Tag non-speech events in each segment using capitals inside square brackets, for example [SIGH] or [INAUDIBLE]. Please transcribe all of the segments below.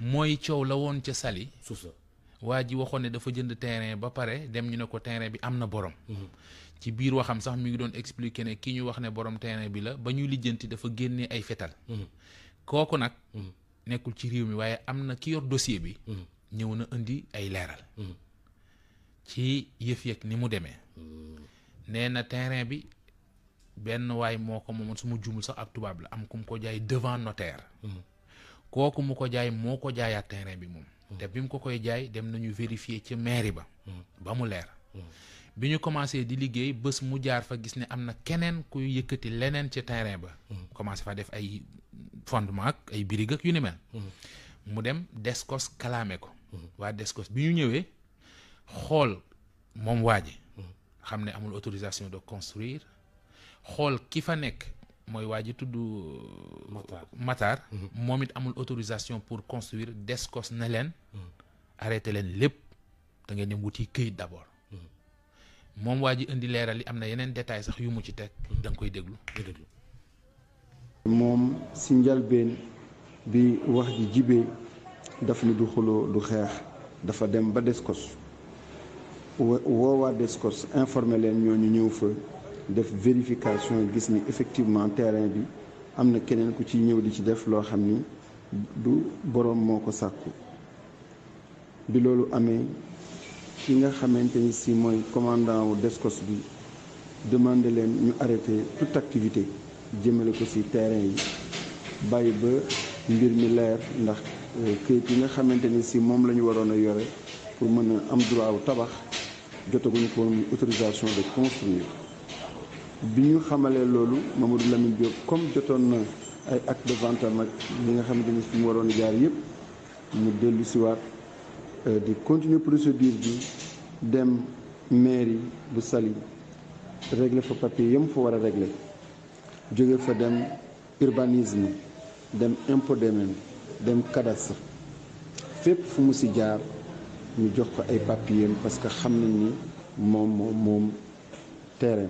mooy coow la woon ca Saly waa ji waxoon ne dafa jënd terrain ba pare dem ñu ne ko terrain bi am na borom mhm. ci biir waxam sax mu ngi doon expliquer ne ki ñu wax ne borom terrain bi la ba ñuy lijjanti dafa génnee ay fetal mhm. kooku nag mhm. nekkul ci réew mi waaye am na ki yor dossier bi ñëw na indi ay leeral ci yëf yëg ni mu demee nee na terrain bi benn waay moo ko moomoon su ma jumul sax ak tubaab la am ku mu ko jaay devant notaire kooku mu ko jaay moo ko jaayaat terrain bi moom hmm. te bi mu ko koy jaay dem nañu vérifier ci mairie ba hmm. ba mu leer hmm. bi ñu commencé di liggéey bés mu jaar fa gis ne am na keneen kuy yëkkati leneen ci terrain ba commencé fa def ay fondement ak ay birig ak yu ni mel mu dem descos kalaame ko waa descos bi ñu ñëwee xool moom waa ji xam ne amul autorisation de construire xool ki fa nekk moy waji tuddu tudd Matar mhm. momit amul autorisation pour construire DESCOS ne leen mhm. arrêté leen lépp da ngay nemuti keuy d'abord mom mhm. waji indi leeral yi am na yeneen sax yu mu ci teg da koy déglu déglu moom si njalbeen bi wax ji jibee daf ni du xolo du xex dafa dem ba DESCOS woowaa DESCOS informer len ñooñu ñew fa de vérification gis ni effectivement terrain bi am na keneen ci ñëw di ci def du borom moo ko bi si commandant wu de bi demande leen toute activité jëmale ko terrain yi bàyyi ba mbir mi leer euh, si moom la a pour mën droit wu tabax ko autorisation de construire biñu xamalé loolu Mamadou Lamine Diop comme jotone de vente li nga euh, continuer procédure bi dem mairie bu Sali. régler fa papier yam régler fa dem urbanisme dem impôt dem cadastre jaar ñu jox ko papier parce que xamnañ ni terrain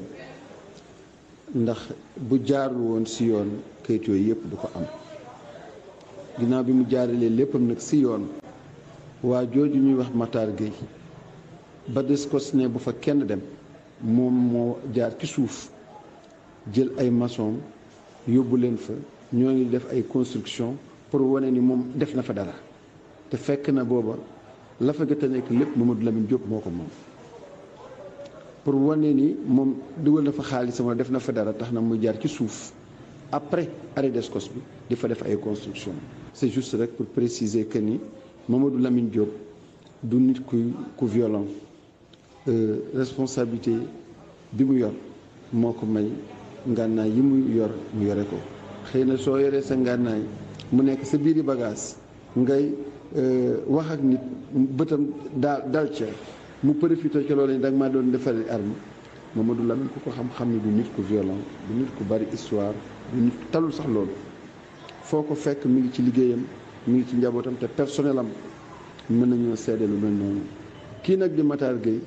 ndax bu jaarul woon si yoon kayit yooyu yëpp du ko am ginnaaw bi mu jaaralee léppam nag si yoon waa jooju ñuy wax Matar Gueye ba des ko ne bu fa kenn dem moom moo jaar ci suuf jël ay maçon yóbbu leen fa ñoo ngi def ay construction pour wane ni moom def na fa dara te fekk na booba la fa gët a nekk lépp Mamadou Lamine Diop moo ko moom pour wane ni mom dugal na fa xaalisam wala def na fa dara taxna na mu jaar ci souf après arrêt d'escos bi di fa def ay construction c'est juste rek pour préciser que ni Mamadou Lamine Diop du nit ku ku violent euh, responsabilité bi mu yor moko may ngànnaay yi mu yor mu yore ko xeyna so soo sa ngànnaay mu nek sa biiri bagage ngay euh wax ak nit beutam daal dal ca mu profité ci loolu danga maa doon defaree arme Mamadou Lamine ku ko xam-xam ni du nit ku violent du nit ku bari histoire du nit talul sax loolu foo ko fekk mi ngi ci liggéeyam mi ngi ci njabootam te personnel am mën nañoo seede lu mel noonu kii nag di Matar Gueye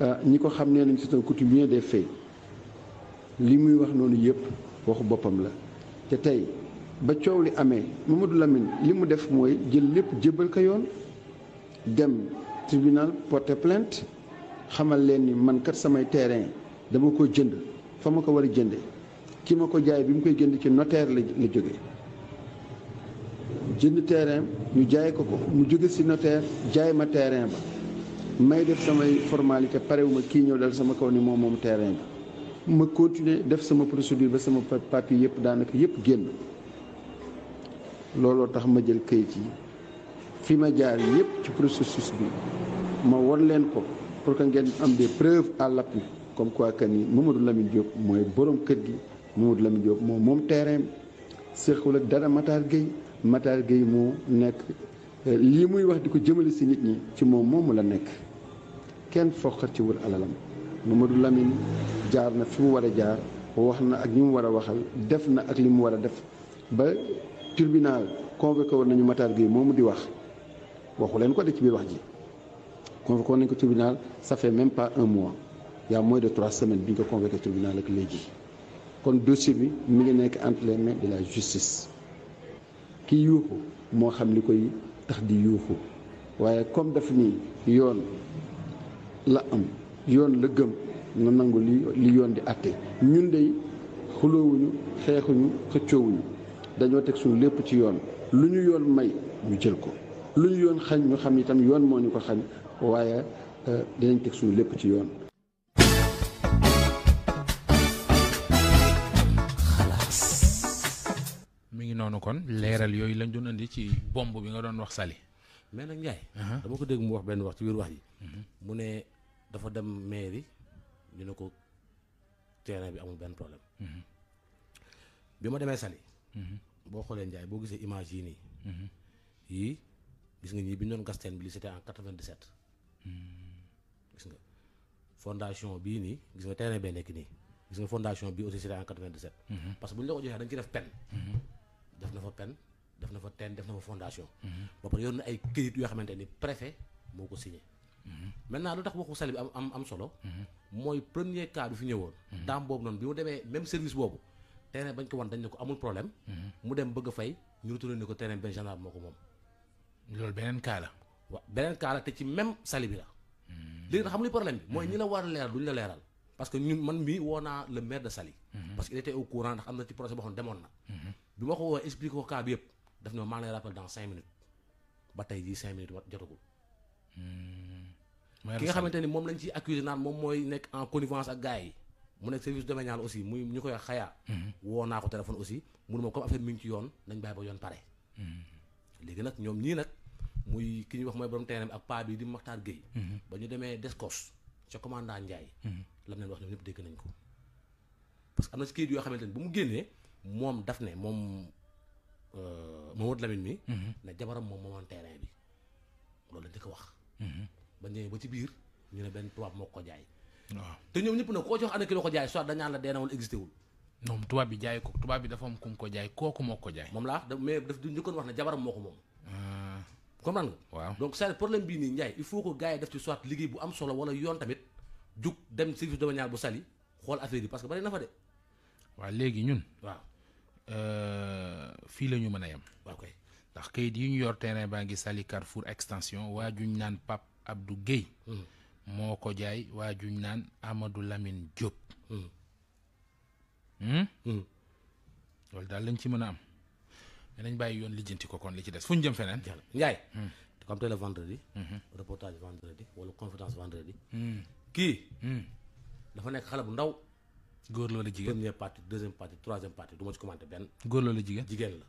ah, ñi ko xam nee nañ c'est un coutumier des faits li muy wax noonu yëpp waxu boppam la te tey ba coow li amee Mamadou Lamine li mu def mooy jël lépp jébbal ko yoon dem tribunal porté plainte xamal leen ni man kat samay terrain dama ko jënd fa ma ko war a jënde ki ma ko jaay bi mu koy jënd ci notaire la la jóge jënd terrain ñu jaay ko ko mu jóge si notaire jaay ma terrain ba may def samay formalité parewuma kii ñëw dal sama kaw ni moom moom terrain bi ma continuer def sama procédure ba sama papier yëpp daanaka yëpp génn looloo tax ma jël kayit yi fi ma jaar yëpp ci processus bi ma won leen ko pour que ngeen am de preuves à l'appui comme quoi que ni Mamadou Lamine Diop mooy borom kër gi Mamadou Lamine Diop moom moom terrain bi ak dara Matar Gueye Matar Gueye mu nekk euh, lii muy wax di ko jëmale si nit ñi ci moom moom moomu la nekk kenn foqat ci wër alalam Mamadou lamin jaar na fi mu war a jaar wax na ak ñi mu war a waxal def na ak li mu war a def ba tribunal convoqué woon nañu Matar moo moomu di wax on ko de tribunal ça fait même pas un mois il y a moins de trois semaines bi tribunal ak léegi kon dossier bi mi entre les mains de la justice ki koy tax di comme daf ni yoon la am yoon la gëm na nangu li li atte ñun de xeexuñu ci yoon yoon may lu ñu yoon xañ ñu xam itam yoon moo ñu ko xañ waaye euh, dinañ teg suñu lépp ci yoon. mi ngi noonu kon leeral yooyu lañ doon andi ci bomb bi nga doon wax Sali. mais nag Ndiaye. Uh-huh. dama ko dégg mu wax benn wax ci biir wax yi. Uh-huh. mu ne dafa dem mairie ñu ne ko terrain bi amul benn problème. Uh-huh. bi ma demee Sali. boo xoolee njaay boo gisee image yi nii. yii. gis nga ni bi doon bi li c'était en 97. Hmm. gis nga fondation bi ni gis nga terrain bee nekk gis nga fondation bi aussi c'était en 97. Hmm. parce que buñ ñu la ko joxe dañ ci def pen. Hmm. def na fa pen def na fa def na fa fondation. ba par yone ay këyit yo xamanteni préfet moko ko hmm maintenant lutax waxu salib am am am solo. moy premier cas du fi ñewoon daam bobu non bi mu demee même service bobu terrain bañ ko won dañ ko amul problème. mu dem bëgg fay ñu retourné ko terrain ben gendarme moko mom loolu beneen kaa la. wa beneen kaa la te ci même sali bi la. Hmm. léegi nag xam nga problème bi. mooy ñi la war a leeral duñ la leeral. parce que ñun man mii woo naa le maire hmm. parce que il était courant ndax am na ci projet boo xam ne demoon na. Hmm. bi ma ko woowee expliqué ko cas bi yëpp daf ne ma maa lay rappel dans cinq xamante ni moom lañ ciy accusé naan moom mooy nekk en connivence ak gars yi. mu nekk service domanial aussi muy ñu koy xayaa. woo ko téléphone aussi mënuma comme affaire mi ngi ci yoon nañ bàyyi ba yoon léegi nag ñoom ñii nag muy ki ñu wax mooy borom terrain bi ak paa bi di Maxtaar Gueye mhm. ba ñu demee Descos ca commandant Ndiaye mhm. lam leen wax ñoom ñëpp dégg nañ ko parce que am na ci kayit yoo xamante ne bu mu génnee moom daf ne moom euh, Mamadou Lamine mi mhm. ne jabaram moom moomoon terrain bi loolu lañ di ko wax ba ñëwee ba ci biir ñu ne benn tubaab moo ko jaay waaw te ñoom ñëpp nag koo ci wax ana ki la ko jaay soit dañaan la dee na wul noom tubaab bi jaay ko tubaab bi dafa am kum ko jaay kooku moo ko jaay mom la da mais daf du njëkkoon wax ne jabaram moo ko moom ah. comprendre nga waaw donc c'est problème bii nii njaay il faut que gars def ci soit liggéey bu am solo wala yoon tamit jug dem service domanial bu sali xool affaire yi parce que bari na fa de waaw léegi ñun wa euh, fii la ñu mën yam wa waaw ndax kayit yi ñu yor terrain ba ngi sali carrefour extension wa juñ naan Pape Abdou Guèye hmm. moo ko jaay waa juñ naan Amadou Lamine Diop hmm. Hmm? Hmm. loolu daal lañ ci mën a am mais nañ bàyyi yoon lijjanti ko kon li ci des fu ñu jëm feneen. Ndiaye. Hmm. comme tey la vendredi. reportage vendredi wala conférence vendredi. kii. dafa nekk xale bu ndaw. góor loola jigéen première partie deuxième partie troisième partie du ma ci commenté benn. góor loola jigéen jigéen la.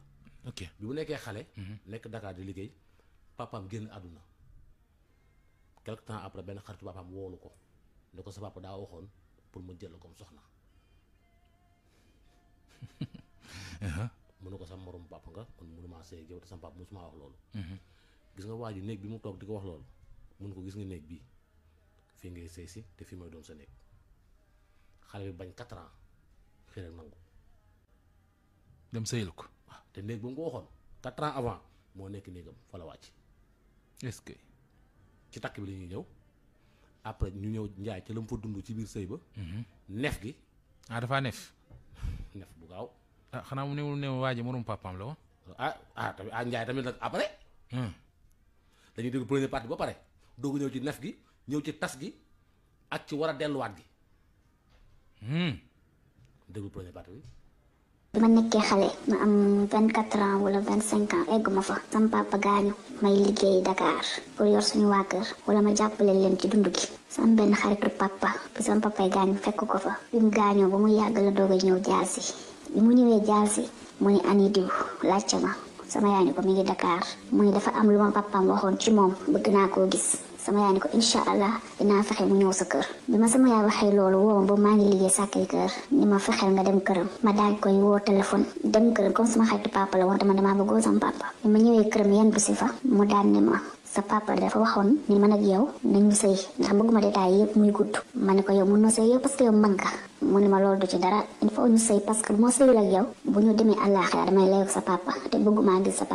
ok bi mu nekkee xale. nekk Dakar di liggéey papaam génn àdduna. quelque temps après benn xaritu papaam woolu ko ne ko sa papa daa waxoon pour mu jël la comme soxna. mënu ko sa morom papa nga kon mënu ma sey yow te sama papa musuma wax hmm gis nga waji neeg bi mu tok diko wax loolu mënu ko gis nga neeg bi fi ngay sey ci te fi mooy doon sa neeg xale bi bañ 4 ans xëy rek nangu dem sëyal ko waaw ah, te neeg bu mu ko 4 ans avant mo nekk neegam fa la wàcc est-ce que ci takk bi la ñew après ñu ñew njaay ci lam fa dund ci bir sey ba hmm nef gi ah dafa nef [LAUGHS] nef bu gaaw Ah, xanaa mu newul ne waa ji morom papaam la woon. ah ah tamit ah Ndiaye tamit nag après. Ah, hmm. dañuy dégg première partie ba pare doog ñëw ci nef gi ñëw ci tas gi ak ci war a delluwaat gi. Hmm. déglu première partie bi. bi ma nekkee xale ma am vingt quatre ans wala vingt cinq ans eggu ma fa sama papa gaañu may yor suñu waa kër ma jàppale leen ci dund gi sama benn xaritu papa bi sama papay gaañu fekk ko fa bi gaañoo ba mu yàgg la doog a ñëw jaasi. bi mu ñëwee jaasi mu ni ani diw laajte ma sama yaay ni ko mi ngi Dakar mu ni dafa am lu ma papaam waxoon ci moom bëgg naa koo gis sama yaay ni ko incha allah dinaa fexe mu ñëw sa kër bi ma sama yaay waxee loolu woo ma ba maa ngi liggéey sàkkay kër ni ma fexeel nga dem këram ma daan koy woo téléphone dem këram comme sama xaritu papa la woon dama damaa bëggoon sama papa bi ma ñëwee këram yan bu si fa mu daan ma sa papa dafa waxoon ni man ak yow nañu sëy ndax bëgguma détails yëpp muy gudd ma ne ko yow mënoo sëy ma loolu sëy parce que sa papa te bëggumaa gis sa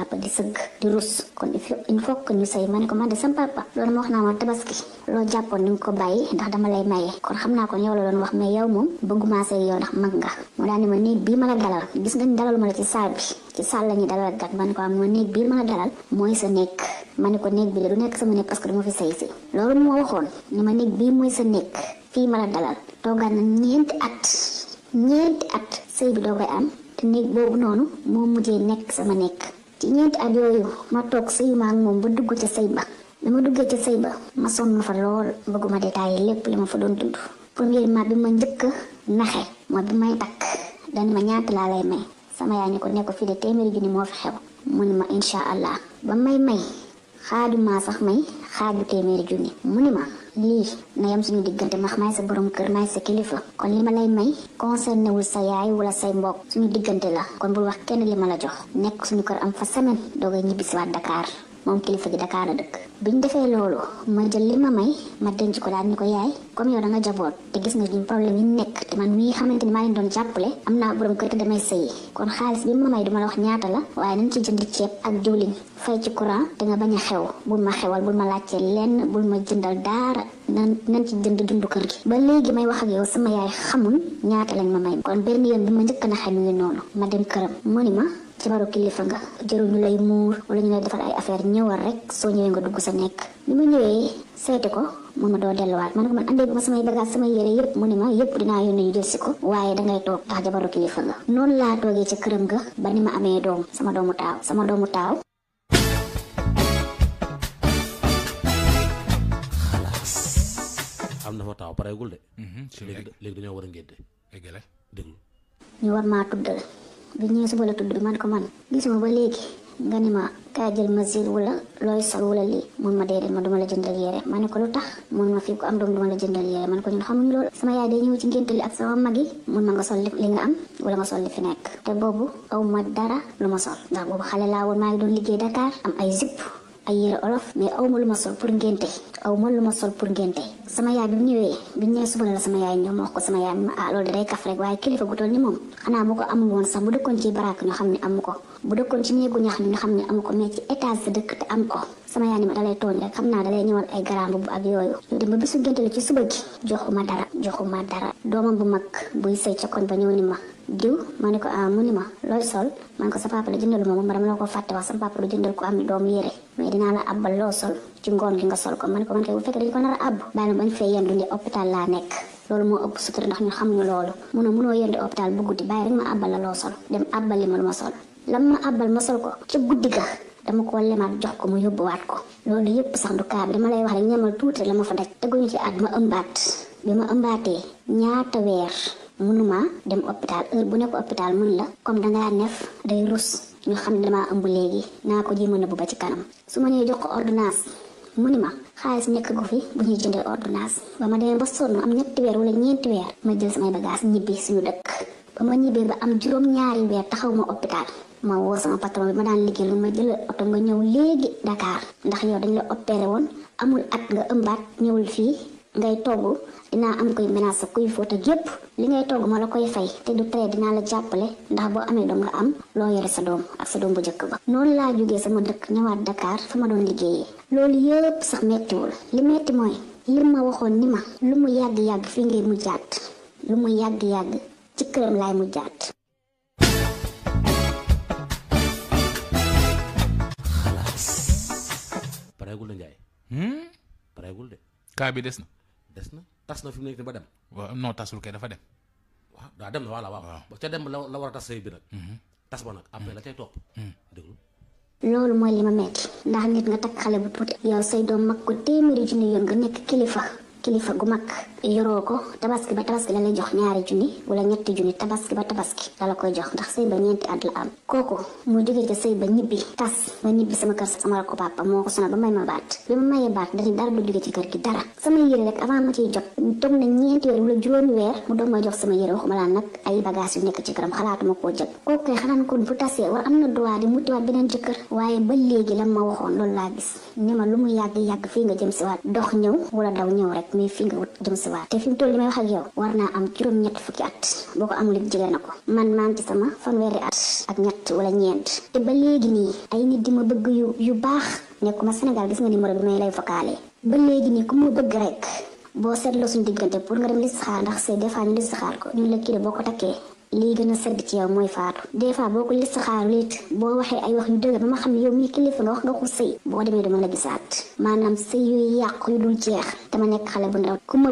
kon il faut ne ko man de sama loolu ma wax naa ma tabaski loo jàppoon ni nga ko bàyyi ndax dama lay maye kon xam naa ko yow la doon wax mais yaw moom bëggumaa sëy yow ndax mag nga mu daal ni ma nii bii ma la dalal gis nga ni dalalu la ci saal ci sàll ñi dalal gat man ko am ma néeg ma dalal mooy sa nekk ma ne ko néeg bi la du nekk sama néeg parce que dama fi say si loolu moo waxoon ni ma néeg bii mooy sa nekk fii ma la dalal toogaan na ñeenti at ñeenti at sëy bi doo koy am te néeg boobu noonu moo mujjee nekk sama nekk ci ñeenti at yooyu ma toog sëyuma ak moom ba dugg ca sëy ba dama duggee ca sëy ba ma sonn fa lool bëgguma détaillé lépp li ma fa doon dund premièrement bi ma njëkk naxe mooy bi may takk dan ma ñaata laa lay may sama yaay ne ko nekk ko fii de téeméeri junni moo fi xew mu ne ma incha allah ba may may xaaju maa sax may xaaju téeméeri ju mu ne lii na yam suñu diggante max maay sa borom kër maay sa kilifa kon li ma lay may concerné wul sa yaay wala say mbokk suñu diggante la kon bul wax kenn li ma la jox nekk suñu kër am fa semaine doogay ñibbisiwaat Dakar. mom kilifa gi dakara deuk biñ defee ma jël li ma may ma denc ko daal ni ko yaay comme yow da nga jabot te gis nga ñun problème yi nekk te man mi xamanteni ma leen doon jappalé amna borom kër te damay sey kon xaalis bi ma may duma la wax ñaata la waye nañ ci jënd ciép ak diwlin fay ci courant te nga baña xew bu ma xewal bu ma laccé lenn bu ma jëndal dara nan ci jënd dund kër gi ba légui may wax ak yow sama yaay xamul ñaata lañ ma may kon benn yoon bi ma njëkk na xam ñu nonu ma dem kërëm monima ci jabaru kilifa nga jarul ñu lay mur wala ñu lay defal ay affaire ñëwal rek so ñëwee nga dugg sa nek bi ma ñëwee seeti ko mu ma doo delluwaat ma ne ko man andee ma samay bagage samay yéré yépp mu ni ma yépp dina yónni ñu jëlsi ko wayé da ngay toog ndax jabaru kilifa nga non la togué ci kërëm nga ba ni ma amé doom sama doomu taw sama doomu taaw am na fa taaw pareegul de léegi dañoo war a ngédde déglu ñu war ma tuddal bi ñee suba la tudd man ko man gisuma ba léegi nga ni ma kaa jël mesure wala looy sol wala lii mun ma déedéet ma duma la jëndal yére ma ne ko lu tax mun ma fii ko am doom duma la jëndal yére ma ne ko ñun xamuñ loolu sama yaay day ñëw ci ngénte li ak sama mag mun ma nga sol li nga am wala nga sol li fi nekk te boobu aw ma dara lu ma sol ndax boobu xale laa woon maa doon liggéey Dakar am ay zip ay yére olof mais aw ma lu ma sol pour ngénte aw ma lu ma sol pour ngénte sama yaay bi mu ñëwee bi ñu ñëwee suba la sama yaay ñëw ma ah, waaye kilifa gu toll ni moom xanaa bu ko amul ci baraak ñu xam ko bu dëkkoon ci néegu ñax ñu xam ne amu ko mais ci étage sa dëkk ko sama yaay ni ma xam naa dalay ñëwal ay garaam bu ak yooyu ñu dem ba bisu ngénte la ci suba gi joxuma dara joxuma dara doomam bu mag buy sëy ca koñ ba ñëw ni ma diw ma ne ko ah mu ni ma looy sol ma ne ko sa papa la jëndal ma ma dama la ko fàtte wax sa papa jëndal ko am doom yére mais dinaa la abbal loo sol ci ngoon gi nga sol ko ma ne ko man ko nar a abb bàyyi ma bañ fee yendu ni hôpital laa nekk loolu moo ëpp sutura ndax ñun xamuñu loolu mun a munoo yendi hôpital bu guddi bàyyi rek ma abbal la loo sol dem abbal ma lu ma sol lam ma abbal ma sol ko ca guddi ga dama ko lemaat jox ko mu yóbbuwaat ko loolu yëpp sax du kaa bi dama lay wax rek ñemal ma fa daj teguñu ci munuma dem hôpital heure bu nekk hôpital mun la comme nga nef day rus ñu xam ne damaa ëmb léegi naa ko jéem a nëbb ba ci kanam su ma nee jox ko ordonnance mu ni ma xaalis nekk gu fi bu ñuy jëndee ordonnance ba ma demee ba sonn am ñetti weer wala ñeenti weer ma jël samay bagage ñibbi suñu dëkk ba ma ñibbee ba am juróom ñaari weer taxaw ma hôpital ma woo sama patron bi ma daan liggéey lu ma jël oto nga ñëw léegi Dakar ndax yow dañ la opéré woon amul at nga ëmbaat ñëwul fii ngay togg dinaa am koy menace kuy fóot yépp li ngay togg ma la koy fay te du tere dinaa la jàppale ndax boo amee doom nga am loo yore sa doom ak sa doom bu njëkk ba noonu laa jógee sama dëkk ñëwaat Dakar fa doon liggéeyee loolu yëpp sax mettiwul li metti mooy li ma waxoon ni ma lu mu yàgg-yàgg fii ngay mu lu mu yàgg-yàgg ci këram laay mu jaat hmm? kaa bi des na des na tas na fi mu nekk nii ba dem. waaw non tasul kay dafa dem. waaw daa dem na voilà waaw. waaw ca dem la la war a tas sëy bi nag. Mhm. tas ba nag après la cay topp. Mhm. déglu. loolu mooy li ma metti ndax nit nga takk xale bu tuuti. yow say doom mag ko téeméeri junni yoon nga nekk kilifa. kilifa gu mag yoroo ko tabaski ba tabaski la lay jox ñaari junni wala ñetti junni tabaski ba tabaski la la koy jox ndax sey ba ñenti at la am koko mu jógee ci sey ba ñibbi tas ba ñibbi sama kër sama ko papa moko sona ba may ma baat bi ma maye baat dañu dara du jógee ci kër gi dara sama yere rek avant ma ci jox tok na ñenti yere wala juróomi weer mu do ma jox sama yere waxuma la nak ay bagage yu nekk ci këram xalaatuma koo jël kooku kay xanaan ko bu tassé war amna droit di benen ci kër waye ba léegi lam ma waxon loolu la gis ñima lu mu yag yag fi nga jëm ci wat dox ñew wala daw ñew rek rek muy fi nga wut jëm si waat te fi mu toll li may wax ak yow war naa am juróom-ñett fukki at boo ko amul it na ko man maa ngi ci sama fanweeri at ak ñett wala ñeent te ba léegi nii ay nit di ma bëgg yu yu baax nekkuma Sénégal gis nga numéro bi may lay vocalé ba léegi nii ku ma bëgg rek boo seetloo suñu diggante pour nga dem listixaar ndax c'est des fois ñu listixaar ko ñun la kii boo ko takkee lii gën a sedd ci mooy faat des fois boo ko listixaaru it boo waxee ay wax yu dëgg ba ma xam ne yow mii kilifa nga wax nga ko sëy boo demee dama la gisaat maanaam sëy yàqu yu jeex dama nekk xale bu ndaw ku ma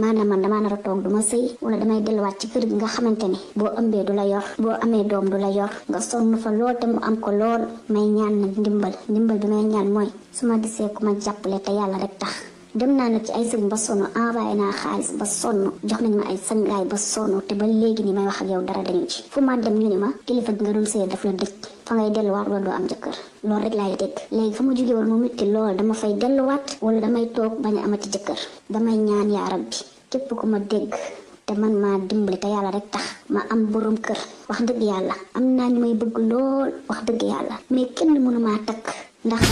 maanaam man damaa nar toog du ma sëy wala damay delluwaat ci kër gi nga xamante ni boo ëmbee du la yor boo amee doom du la yor nga sonn fa lool te mu am ko lool may ñaan nag ndimbal ndimbal bi may ñaan mooy su ma gisee ku ma jàppale te yàlla rek tax dem naa nag ci ay sëñ ba sonn envoyé naa xaalis ba sonn jox nañ ma ay sangaay ba sonn te ba léegi ni may wax ak yow dara dañu ci fu ma dem ñu ne ma kilifa gi nga doon daf la dëj fa ngay delluwaat wala doo am jëkkër loolu rek laay dégg léegi fa ma jógee woon mu metti lool dama fay delluwaat wala damay toog bañ a amati jëkkër damay ñaan yaa rabbi képp ku ma dégg te man maa dimbali te yàlla rek tax ma am boroom kër wax dëgg yàlla am naa ñu may bëgg lool wax dëgg yàlla mais kenn mënu maa takk ndax